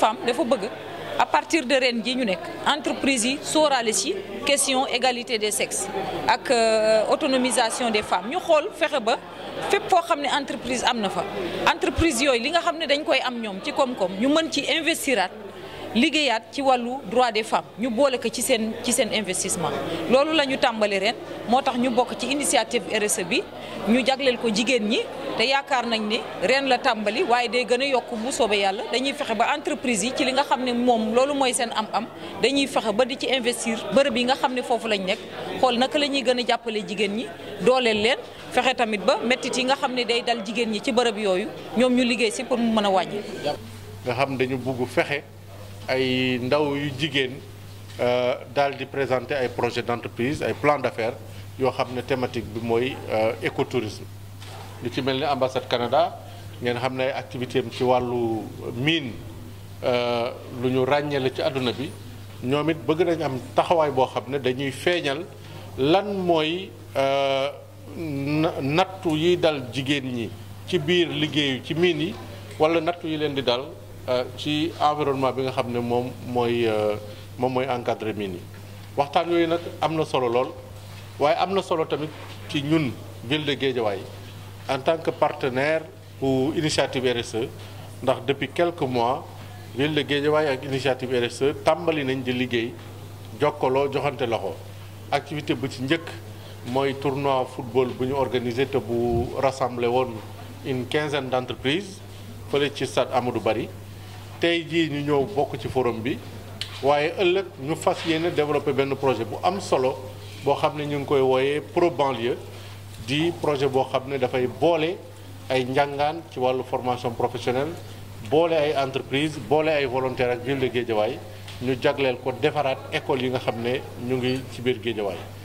femme dafa bëgg à partir de ren ji ñu nekk entreprise yi sóoraale si question égalité des sexes ak euh, autonomisation des femmes ñu xool fexe ba fépp foo xam ne entreprise am na fa entreprise yooyu li nga xam ne dañ koy am ñoom ci koom-koom ñu mën ci investiraat liggéeyaat ci wàllu droit des femmes ñu boole ko ci seen ci seen investissement loolu la ñu tàmbali ren moo tax ñu bokk ci initiative RSE bi ñu jagleel ko jigéen ñi te yaakaar nañ ni ren la tàmbali waaye day gën a yokk bu soobee yàlla dañuy fexe ba entreprise yi ci li nga xam ne moom loolu mooy seen am-am dañuy fexe ba di ci investir bërëb yi nga xam ne foofu lañ nekk xool naka la ñuy gën a jàppale jigéen ñi dooleel leen fexe tamit ba méttit yi nga xam ne day dal jigéen ñi ci bërëb yooyu ñoom ñu liggéey si pour mu mën a wàññi. nga xam dañu bugg fexe. ay ndaw yu jigéen euh, daal di présenter ay projet d'entreprise ay plan d'affaires yoo xam ne thématique bi mooy euh, écotourisme lu ci mel ni ambassade Canada ngeen xam ne ay activité am ci wàllu mine euh, lu ñu ràññee ci àdduna bi ñoom it bëgg nañ am taxawaay boo xam ne dañuy feeñal lan mooy nattu yi dal jigéen ñi ci biir liggéeyu ci mine yi wala nattu yi leen di dal Euh, ci environnement bi nga xam ne moom mooy euh, moom mooy encadre mine yi waxtaan yooyu nag am na solo lool waaye am na solo tamit ci ñun ville de en tant que partenaire pour initiative RSE ndax depuis quelques mois ville de Guédiawaye ak initiative RSE tàmbali nañ di liggéey jokkaloo joxante loxo activité bu ci njëkk mooy tournoi football bu ñu organisé te bu rassemblé woon une quinzaine d' entreprises fële ci stade du Barry tey jii ñu ñëw bokk ci forum bi waaye ëllëg ñu fas yéene développer benn projet bu am solo boo xam ne ñu ngi koy wooyee pro banlieue di projet boo xam ne dafay boole ay njàngaan ci wàllu formation professionnelle boole ay entreprise boole ay volontaire ak ville de Guédiawaye ñu jagleel ko defaraat école yi nga xam ne ñu ngi ci biir Guédiawaye